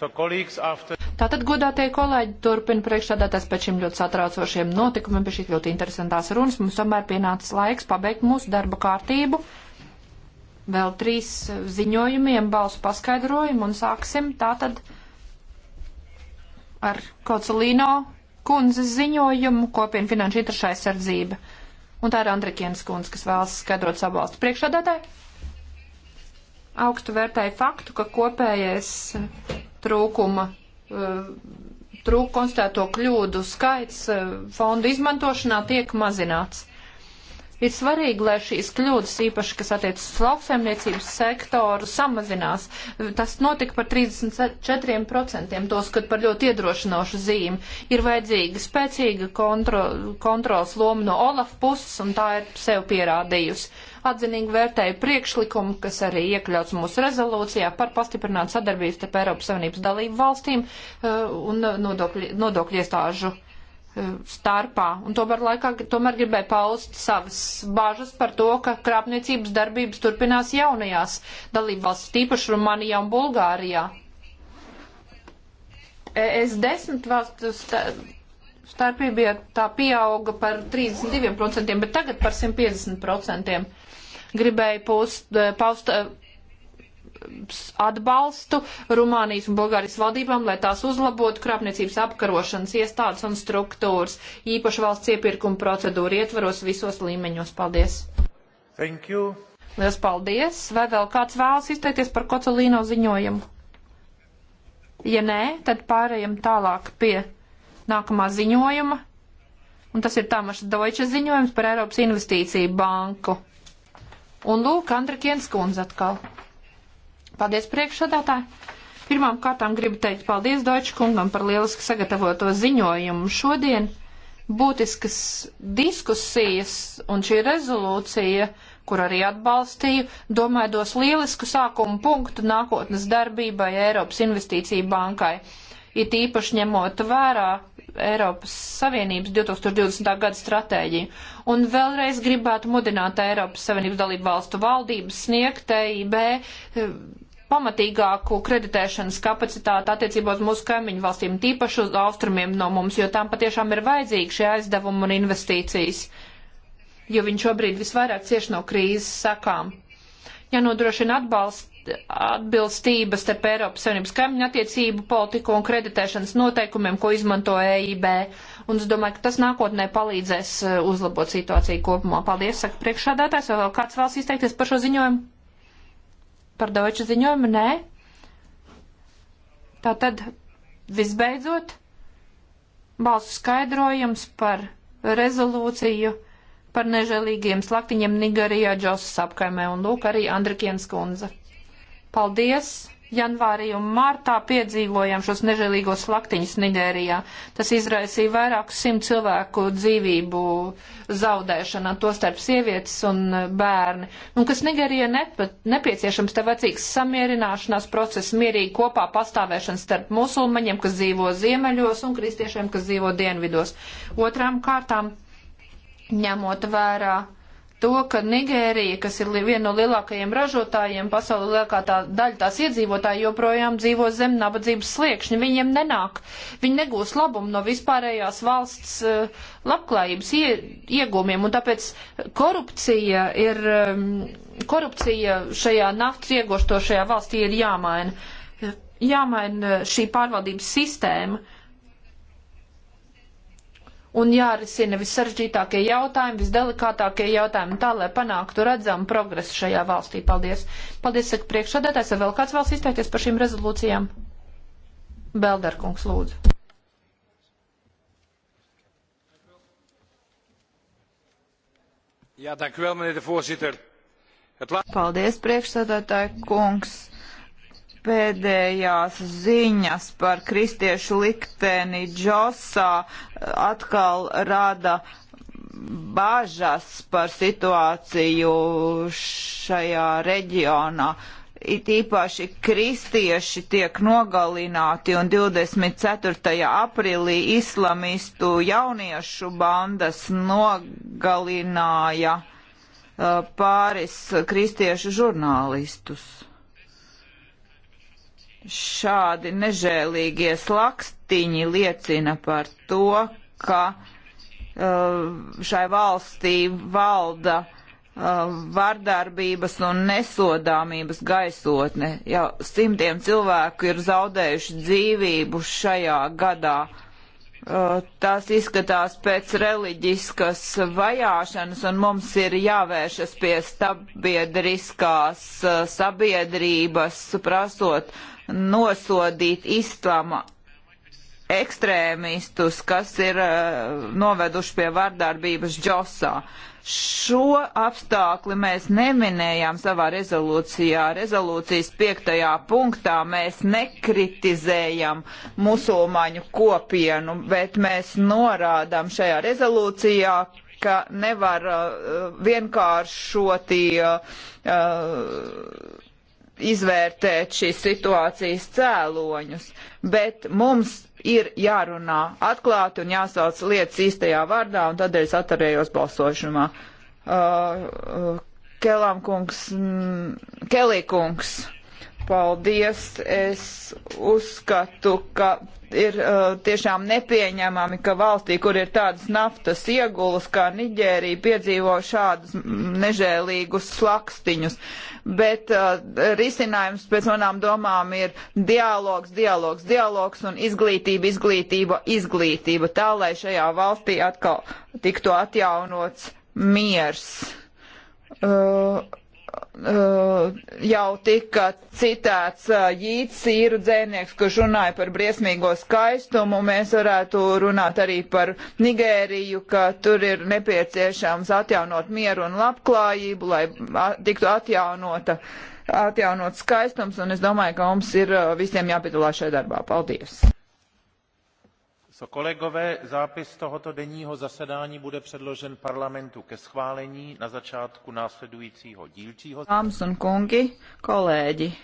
So after... Tātad, godātie kolēģi, turpina priekšstādātājs pēc šiem ļoti satraucošiem notikumiem, pēc šīs ļoti interesantās runas. Mums tomēr pienācis laiks pabeigt mūsu darba kārtību. Vēl trīs ziņojumiem balsu paskaidrojumu un sāksim tātad ar Kocelīno kundzes ziņojumu kopienu finanšu interešu aizsardzība. Un tā ir Andrikienas kundze, kas vēlas skaidrot savu valstu priekšstādātāju. Augstu vērtēju faktu, ka kopējais trūkuma, eh, trūk konstatēto kļūdu skaits eh, fondu izmantošanā tiek mazināts. Ir svarīgi, lai šīs kļūdas, īpaši, kas attiecas uz lauksaimniecības sektoru, samazinās. Tas notika par 34%, to skat par ļoti iedrošinošu zīmi. Ir vajadzīga spēcīga kontro, kontrols loma no Olaf puses, un tā ir sev pierādījusi atzinīgi vērtēju priekšlikumu, kas arī iekļauts mūsu rezolūcijā par pastiprinātu sadarbību starp Eiropas Savienības dalību valstīm uh, un nodokļu, nodokļu iestāžu Eh, starpā. Un tomēr laikā tomēr gribēja paust savas bažas par to, ka krāpniecības darbības turpinās jaunajās dalībvalstīs, tīpaši Rumānijā un Bulgārijā. Es desmit valstu starpība ja tā pieauga par 32%, bet tagad par 150%. Gribēju eh, paust, paust eh, atbalstu Rumānijas un Bulgārijas valdībām, lai tās uzlabotu krāpniecības apkarošanas iestādes un struktūras, īpaši valsts iepirkuma procedūru ietvaros visos līmeņos. Paldies! Thank you! Lielas paldies! Vai vēl kāds vēlas izteikties par Kocelīno ziņojumu? Ja nē, tad pārējiem tālāk pie nākamā ziņojuma, un tas ir Tamaša Deutsche ziņojums par Eiropas investīciju banku. Un lūk, Andra Kienskundze atkal. Paldies priekšsādātāji! Pirmām kārtām gribu teikt paldies Deutsche kungam par lieliski sagatavoto ziņojumu šodien. Būtiskas diskusijas un šī rezolūcija, kur arī atbalstīju, domāju, dos lielisku sākumu punktu nākotnes darbībai Eiropas investīcija bankai. It īpaši ņemot vērā Eiropas Savienības 2020. gada stratēģiju. Un vēlreiz gribētu mudināt Eiropas Savienības dalību valstu valdības sniegt EIB eh, pamatīgāku kreditēšanas kapacitāti attiecībā uz mūsu kaimiņu valstīm, tīpaši uz austrumiem no mums, jo tam patiešām ir vajadzīgi šie aizdevumi un investīcijas, jo viņi šobrīd visvairāk cieši no krīzes sakām. Ja nodrošina atbalst, atbilstības starp Eiropas Savienības kaimiņu attiecību politiku un kreditēšanas noteikumiem, ko izmanto EIB. Un es domāju, ka tas nākotnē palīdzēs uh, uzlabot situāciju kopumā. Paldies, saka priekšādātājs, vai vēl kāds vēlas izteikties par šo ziņojumu? par Deutsche ziņojumu? Nē. Tātad, visbeidzot, balsu skaidrojums par rezolūciju par nežēlīgiem slaktiņiem Nigerijā, Džosas apkaimē un lūk arī Andrikienas kundze. Paldies! janvārī un martā piedzīvojām šos nežēlīgos slaktiņus Nigērijā. Tas izraisīja vairāku simt cilvēku dzīvību zaudēšanā, to starp sievietes un e, bērni. Un kas Nigērijā nepieciešams, te vajadzīgs samierināšanās process, mierīgi kopā pastāvēšana starp musulmaņiem, kas dzīvo ziemeļos, un kristiešiem, kas dzīvo dienvidos. Otrām kārtām, ņemot vērā to, ka Nigērija, kas ir viena no lielākajiem ražotājiem, pasaulē lielākā tā, daļa tās iedzīvotāji joprojām dzīvo zem nabadzības sliekšņa. Viņiem nenāk, viņi negūs labumu no vispārējās valsts eh, labklājības ie, iegūmiem, un tāpēc korupcija ir, ehm, korupcija šajā naftas iegoštošajā valstī ir jāmaina. Jāmaina eh, šī pārvaldības sistēma un jārisina vissaržģītākie jautājumi, visdelikātākie jautājumi, tā lai panāktu redzamu progresu šajā valstī. Paldies! Paldies, saka priekšsādātājs, vai vēl kāds vēlas izteikties par šīm rezolūcijām? Belderkungs, lūdzu. Jā, dank u wel, meneer de voorzitter. Paldies, priekšsādātāji kungs pēdējās ziņas par kristiešu likteni Džosā eh, atkal rada bažas par situāciju šajā reģionā. It īpaši kristieši tiek nogalināti un 24. aprilī islamistu jauniešu bandas nogalināja eh, pāris kristiešu žurnālistus. Šādi nežēlīgie slakstiņi liecina par to, ka uh, šai valstī valda uh, vardarbības un nesodāmības gaisotne. Jau simtiem cilvēku ir zaudējuši dzīvību šajā gadā. Uh, tās izskatās pēc reliģiskas vajāšanas, un mums ir jāvēršas pie sabiedriskās uh, sabiedrības, prasot nosodīt islama ekstrēmistus, kas ir uh, noveduši pie vardarbības Džosā. Šo apstākli mēs neminējām savā rezolūcijā. Rezolūcijas piektajā punktā mēs nekritizējam musulmaņu kopienu, bet mēs norādām šajā rezolūcijā, ka nevar uh, vienkāršoti uh, izvērtēt šīs situācijas cēloņus, bet mums ir jārunā atklāti un jāsauc lietas īstajā vārdā, un tādēļ es atturējos balsošanā. Uh, uh, Kelām kungs, mm, Kelī kungs. Paldies! Es uzskatu, ka ir uh, tiešām nepieņemami, ka valstī, kur ir tādas naftas iegulas kā Nigērija, piedzīvo šādus nežēlīgus slakstiņus. Bet uh, risinājums pēc manām domām ir dialogs, dialogs, dialogs un izglītība, izglītība, izglītība. Tā, lai šajā valstī atkal tiktu atjaunots miers. Uh, Uh, jau tika citēts uh, Jīts īru dzēnieks, kurš runāja par briesmīgo skaistumu. Mēs varētu runāt arī par Nigēriju, ka tur ir nepieciešams atjaunot mieru un labklājību, lai tiktu atjaunota, atjaunot skaistums, un es domāju, ka mums ir uh, visiem jāpiedalās šajā darbā. Paldies! So, kolegové, zápis tohoto denního zasedání bude předložen parlamentu ke schválení na začátku následujícího dílčího. Dāmas un kungi, kolēģi,